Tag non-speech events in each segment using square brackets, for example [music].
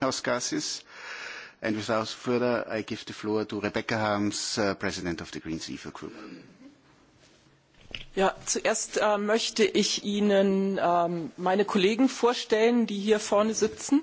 greenhouse gases. And without further, I give the floor to Rebecca Harms, uh, President of the Greens EFA Group. Ja, zuerst äh, möchte ich Ihnen ähm, meine Kollegen vorstellen, die hier vorne sitzen.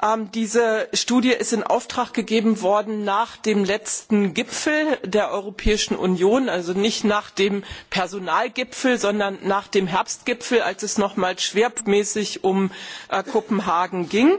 Ähm, diese studie ist in auftrag gegeben worden nach dem letzten gipfel der europäischen union also nicht nach dem personalgipfel sondern nach dem herbstgipfel als es nochmals schwerpunktmäßig um äh, kopenhagen ging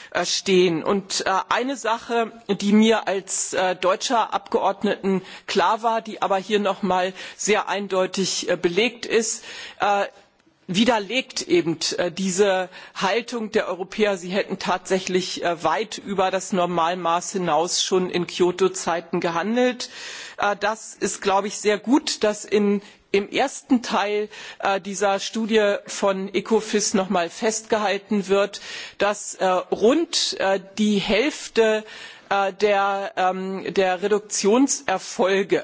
Äh, stehen. Und äh, eine sache die mir als äh, deutscher abgeordneten klar war die aber hier noch einmal sehr eindeutig belegt ist widerlegt eben äh, diese haltung der europäer sie hätten tatsächlich äh, weit über das normalmaß hinaus schon in kyoto zeiten gehandelt. Äh, das ist glaube ich sehr gut dass im ersten teil dieser studie von ecofin noch einmal festgehalten wird dass rund die hälfte ähm, der reduktionserfolge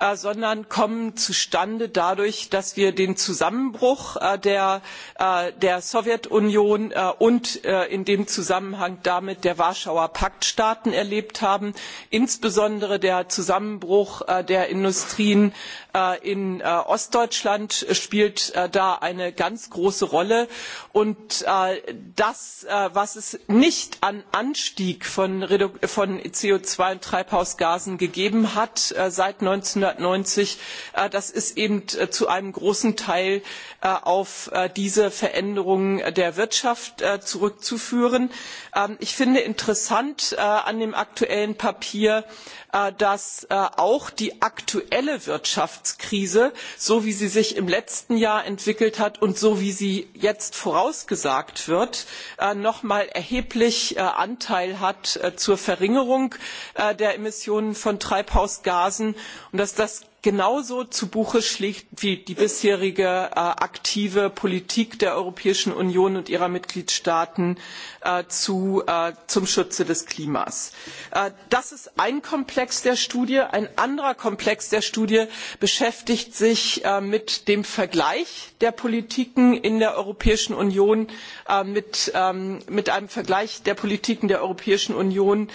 Äh, sondern kommen zustande dadurch dass wir den zusammenbruch äh, der, äh, der sowjetunion und in dem zusammenhang damit der warschauer pakt staaten erlebt haben insbesondere der zusammenbruch der industrien in ostdeutschland spielt da eine ganz große rolle und das was es nicht an anstieg von co zwei und treibhausgasen gegeben hat seit einhundertneunzig äh, das ist eben äh, zu einem großen teil äh, auf diese veränderungen der wirtschaft zurückzuführen. Ähm, ich finde interessant an dem aktuellen papier dass auch die aktuelle wirtschaftskrise so wie sie sich im letzten jahr entwickelt hat und so wie sie jetzt vorausgesagt wird noch einmal erheblich anteil hat zur verringerung der emissionen von treibhausgasen und das genauso zu buche schlägt wie die bisherige äh, aktive politik der europäischen union und ihrer mitgliedstaaten äh, äh, zum schutz des klimas. das ist ein komplex der studie. ein anderer komplex der studie beschäftigt sich mit dem vergleich der politiken in der europäischen union mit, ähm, mit einem vergleich der politiken der europäischen union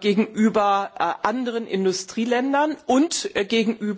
gegenüber anderen industrieländern und gegenüber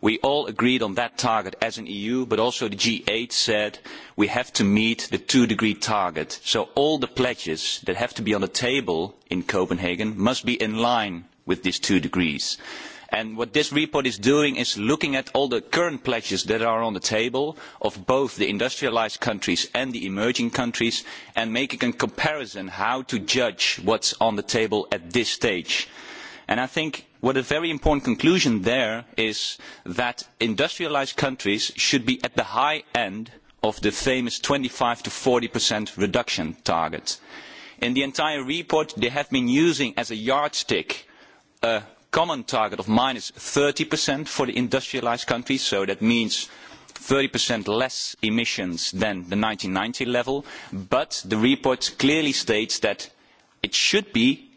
We all agreed on that target as an EU, but also the g eight said we have to meet the two-degree target. So all the pledges that have to be on the table in Copenhagen must be in line with these two degrees. And what this report is doing is looking at all the current pledges that are on the table of both the industrialised countries and the emerging countries and making a comparison on how to judge what is on the table at this stage. And I think what a very important conclusion there is that industrialised countries should be at the high end of the famous twenty five to 40% reduction target. In the entire report, they have been using as a yardstick a common target of minus 30% for the industrialised countries, so that means 30% less emissions than the ninety level. But the report clearly states that it should be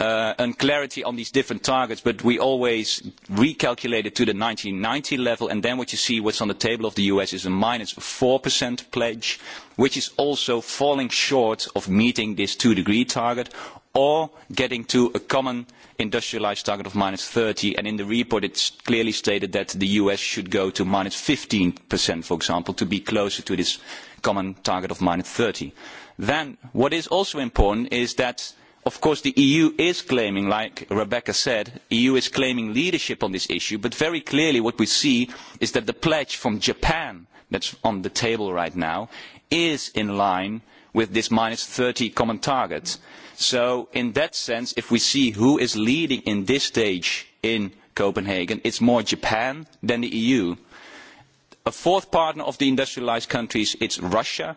uh, and clarity on these different targets, but we always recalculate it to the ninety level, and then what you see what's on the table of the US is a minus 4% pledge, which is also falling short of meeting this two-degree target or getting to a common industrialised target of minus 30, and in the report it is clearly stated that the US should go to minus 15%, for example, to be closer to this common target of minus 30. Then what is also important is that of course the eu is claiming like rebecca said the eu is claiming leadership on this issue but very clearly what we see is that the pledge from japan that is on the table right now is in line with this minus thirty common target so in that sense if we see who is leading at this stage in copenhagen it is more japan than the eu a fourth partner of the industrialised countries is russia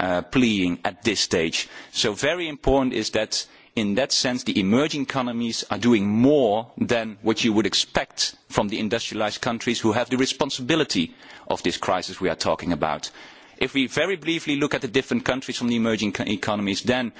Uh, pleading at this stage. So very important is that in that sense, the emerging economies are doing more than what you would expect from the industrialised countries who have the responsibility of this crisis we are talking about. If we very briefly look at the different countries from the emerging economies, then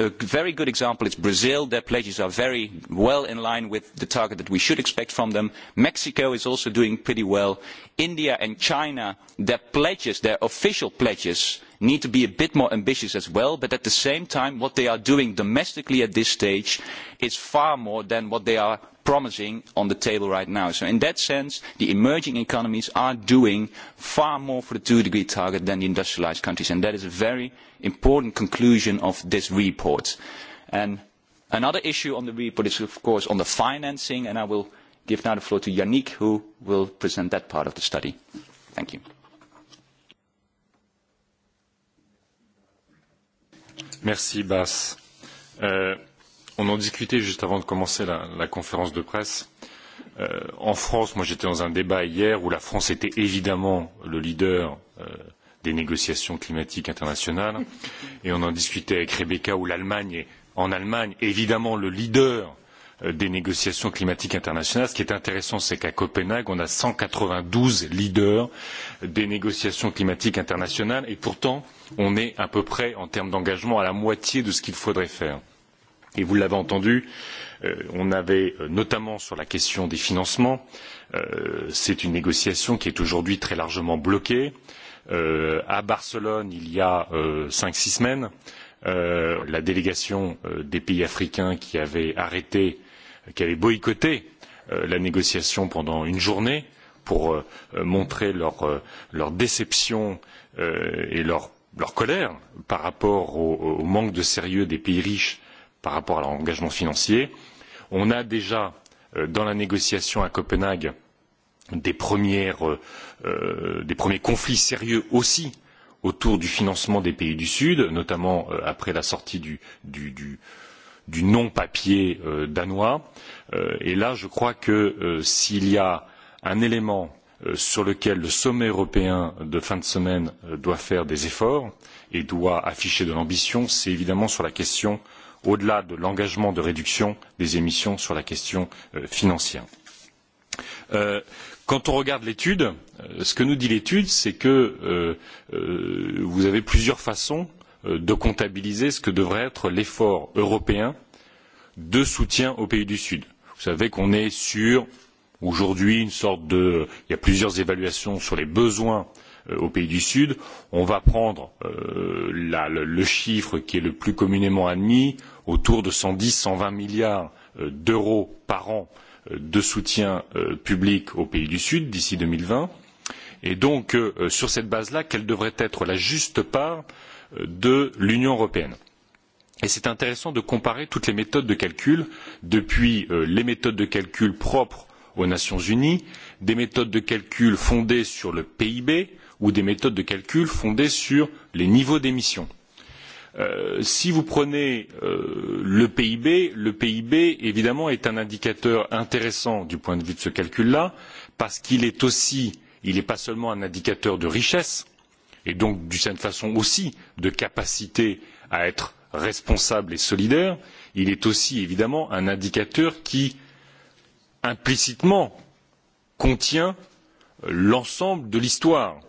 a very good example is Brazil. Their pledges are very well in line with the target that we should expect from them. Mexico is also doing pretty well. India and China, their pledges, their official pledges, need to be a bit more ambitious as well. But at the same time, what they are doing domestically at this stage is far more than what they are promising on the table right now. So in that sense, the emerging economies are doing far more for the two-degree target than the industrialised countries. And that is a very important conclusion of this report. another issue on the report is, of course, on the financing, and I will give now the floor to Yannick, who will present that part of the study. Thank you. Merci, Bas. Euh, on en discutait juste avant de commencer la, la conférence de presse. Euh, en France, moi j'étais dans un débat hier où la France était évidemment le leader euh, des négociations climatiques internationales. Et on en discutait avec Rebecca où l'Allemagne est en Allemagne, évidemment le leader euh, des négociations climatiques internationales. Ce qui est intéressant, c'est qu'à Copenhague, on a cent quatre-vingt-douze leaders des négociations climatiques internationales et pourtant, on est à peu près, en termes d'engagement, à la moitié de ce qu'il faudrait faire. Et vous l'avez entendu, euh, on avait euh, notamment sur la question des financements, c'est une négociation qui est aujourd'hui très largement bloquée. Euh, euh, à Barcelone il y a euh, cinq six semaines, euh, la délégation euh, des pays africains qui avait arrêté, qui avait boycotté la négociation pendant une journée pour montrer leur, leur déception et leur, leur, colère par rapport au, au, manque de sérieux des pays riches par rapport à leur engagement financier. On a déjà, dans la négociation à Copenhague, des, premières, euh, euh, des premiers conflits sérieux aussi autour du financement des pays du Sud, notamment euh, après la sortie du, du, du, du non-papier euh, danois. Euh, et là, je crois que euh, s'il y a un élément euh, sur lequel le sommet européen de fin de semaine euh, doit faire des efforts et doit afficher de l'ambition, c'est évidemment sur la question, au-delà de l'engagement de réduction des émissions, sur la question euh, financière. Euh, quand on regarde l'étude, euh, ce que nous dit l'étude, c'est que euh, vous avez plusieurs façons de comptabiliser ce que devrait être l'effort européen de soutien aux pays du Sud. Vous savez qu'on est sur aujourd'hui une sorte de il y a plusieurs évaluations sur les besoins aux pays du Sud. On va prendre euh, la, le, le, chiffre qui est le plus communément admis, autour de cent dix, cent vingt milliards d'euros par an de soutien euh, public aux pays du Sud d'ici deux mille vingt et donc euh, sur cette base là quelle devrait être la juste part euh, de l'Union européenne. Et c'est intéressant de comparer toutes les méthodes de calcul, depuis les méthodes de calcul propres aux Nations Unies, des méthodes de calcul fondées sur le PIB ou des méthodes de calcul fondées sur les niveaux d'émissions. Euh, si vous prenez euh, le pib le pib évidemment est un indicateur intéressant du point de vue de ce calcul là parce qu'il est aussi il n'est pas seulement un indicateur de richesse et donc d'une certaine façon aussi de capacité à être responsable et solidaire il est aussi évidemment un indicateur qui implicitement contient euh, l'ensemble de l'histoire.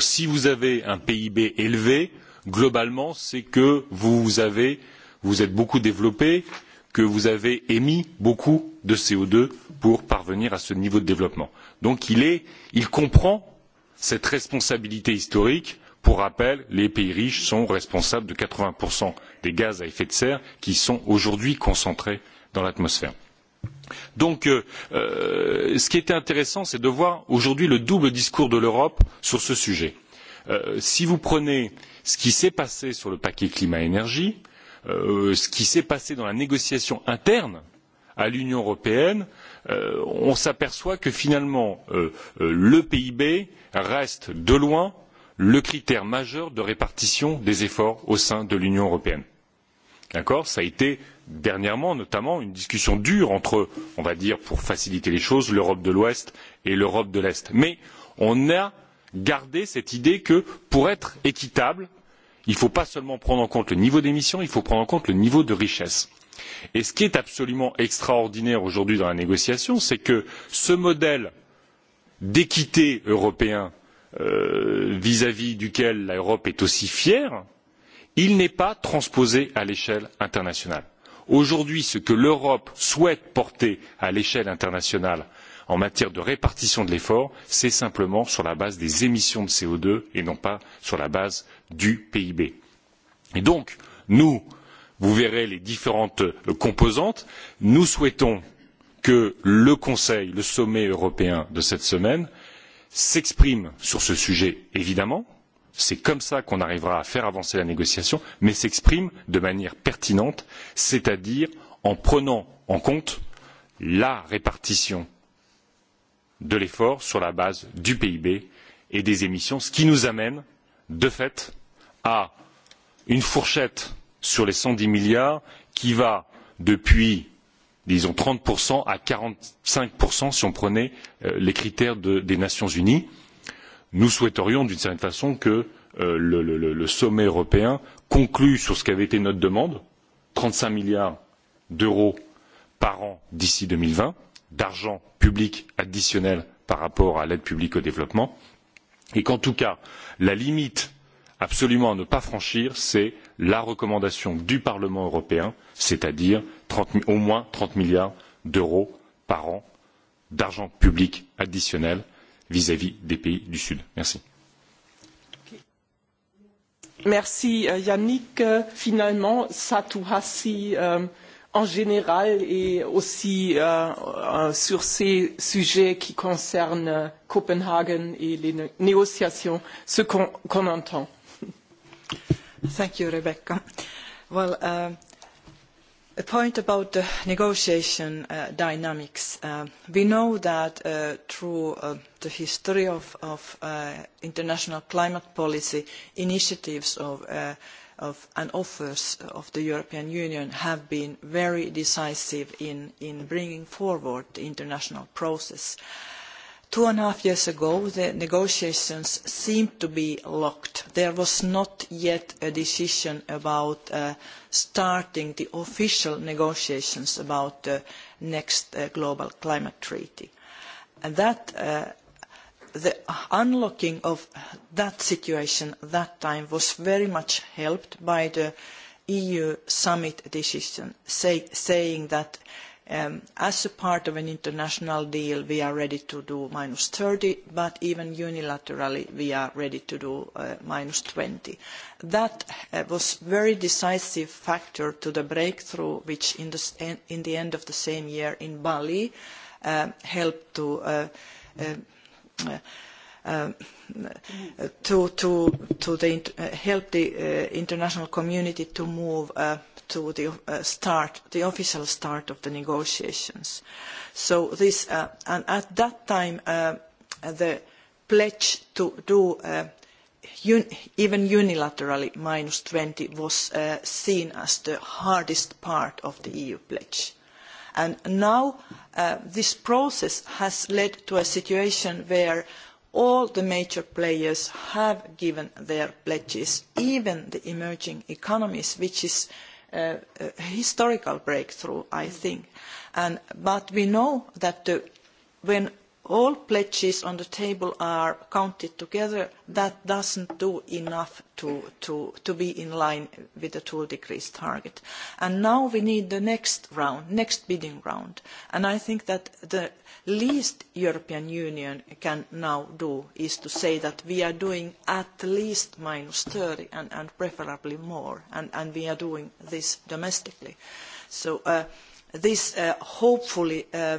si vous avez un pib élevé globalement c'est que vous avez, vous êtes beaucoup développé que vous avez émis beaucoup de co deux pour parvenir à ce niveau de développement. donc il, est, il comprend cette responsabilité historique pour rappel les pays riches sont responsables de quatre vingts des gaz à effet de serre qui sont aujourd'hui concentrés dans l'atmosphère. donc euh, euh, ce qui était intéressant c'est de voir aujourd'hui le double discours de l'europe sur ce sujet. Euh, si vous prenez ce qui s'est passé sur le paquet climat énergie euh, ce qui s'est passé dans la négociation interne à l'union européenne euh, on s'aperçoit que finalement le pib reste de loin le critère majeur de répartition des efforts au sein de l'union européenne. D'accord a été dernièrement notamment une discussion dure entre, on va dire, pour faciliter les choses, l'Europe de l'Ouest et l'Europe de l'Est. Mais on a garder cette idée que pour être équitable il ne faut pas seulement prendre en compte le niveau d'émissions il faut prendre en compte le niveau de richesse. et ce qui est absolument extraordinaire aujourd'hui dans la négociation c'est que ce modèle d'équité européen vis à vis duquel l'europe est aussi fière il n'est pas transposé à l'échelle internationale. aujourd'hui ce que l'europe souhaite porter à l'échelle internationale en matière de répartition de l'effort, c'est simplement sur la base des émissions de co deux et non pas sur la base du PIB. Et donc, nous, vous verrez les différentes composantes, nous souhaitons que le Conseil, le sommet européen de cette semaine, s'exprime sur ce sujet, évidemment, c'est comme cela qu'on arrivera à faire avancer la négociation, mais s'exprime de manière pertinente, c'est-à-dire en prenant en compte la répartition de l'effort sur la base du pib et des émissions ce qui nous amène de fait à une fourchette sur les cent dix milliards qui va depuis disons trente à quarante cinq si on prenait euh, les critères de, des nations unies. nous souhaiterions d'une certaine façon que euh, le, le, le sommet européen conclue sur ce qu'avait été notre demande trente cinq milliards d'euros par an d'ici deux mille vingt d'argent public additionnel par rapport à l'aide publique au développement et qu'en tout cas la limite absolument à ne pas franchir c'est la recommandation du parlement européen c'est à dire 30, au moins trente milliards d'euros par an d'argent public additionnel vis à vis des pays du sud. merci. merci euh, yannick. Euh, finalement satu hassi euh en général et aussi euh, euh, sur ces sujets qui concernent euh, Copenhague et les négociations, ce qu'on qu entend. [laughs] Thank you, Rebecca. Well, uh, a point about the negotiation uh, dynamics. Uh, we know that uh, through uh, the history of, of uh, international climate policy initiatives of uh, of, and offers of the European Union have been very decisive in, in bringing forward the international process. Two and a half years ago, the negotiations seemed to be locked. There was not yet a decision about uh, starting the official negotiations about the next uh, global climate treaty. And that uh, the unlocking of that situation at that time was very much helped by the EU summit decision say, saying that um, as a part of an international deal we are ready to do minus thirty, but even unilaterally we are ready to do uh, minus twenty. That uh, was a very decisive factor to the breakthrough which in the, in the end of the same year in Bali uh, helped to uh, um, Uh, uh, to, to, to the, uh, help the uh, international community to move uh, to the start, the official start of the negotiations. So this, and at that time, the pledge to do un even unilaterally minus twenty was seen as the hardest part of the EU pledge And now uh, this process has led to a situation where all the major players have given their pledges, even the emerging economies, which is uh, a historical breakthrough, I think. but we know that uh, when all pledges on the table are counted together, that does not do enough to, to, to, be in line with the two degrees target. And now we need the next round, next bidding round. And I think that the least European Union can now do is to say that we are doing at least minus 30 and, and preferably more, and, and, we are doing this domestically. So uh, this uh, hopefully... Uh,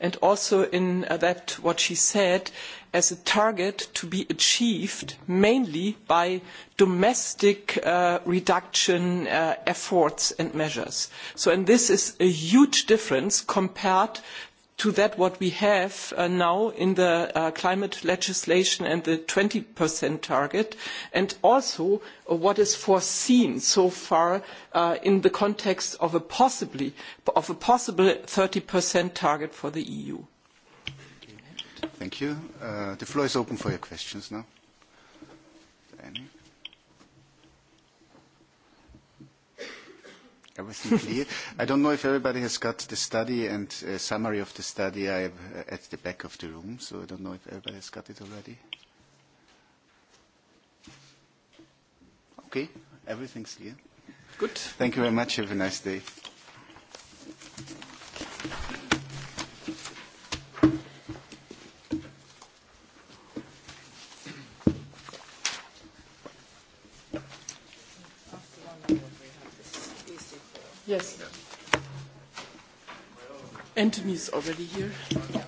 and also in uh, that what she said as a target to be achieved mainly by domestic uh, reduction uh, efforts and measures. So, and this is a huge difference compared to that what we have uh, now in the uh, climate legislation and the 20% target, and also uh, what is foreseen so far uh, in the context of a, possibly, of a possible 30% target for the EU. Thank you. Uh, the floor is open for your questions now. Any? everything clear? I don't know if everybody has got the study and a uh, summary of the study I have uh, at the back of the room, so I don't know if everybody has got it already. Okay, everything's clear. Good. Thank you very much. Have a nice day. Yes. Anthony is already here.